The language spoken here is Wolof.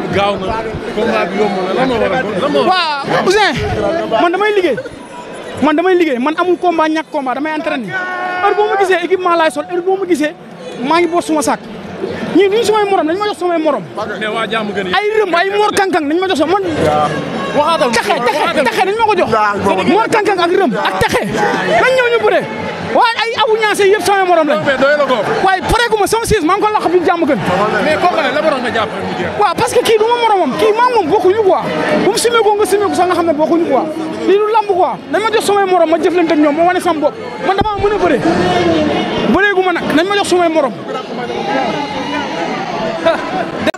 combat bi gaaw na combat bi yomb na lan moo waral lan moo waaw Ouzin man damay liggéey man damay liggéey man amul combat ñàkk combat damay entraîné heure boo ma gisee équipement laay sol heure boo ma gisee maa ngi boot suma sàkk ñii duñu samay morom dañ ma jox samay morom ay rëm ay moor kankang dañ ma jox sama man waxaatal taxe taxe taxe dañ ma ko jox moor kankang ak rëm a taxe bu ñaase yëpp sama morom lañ waaye pare ma sama siis maa ko laq bi jàmm gën waaw que kii du ma moromam kii maa bokkuñu quoi bu mu simee ko nga simee ko sax nga bokkuñu quoi lii du lamb quoi nañ ma jox samay morom ma jëflante ak ñoom ma wane sama bopp man dama mën a bëre bëreegu ma nag nañ ma jox samay morom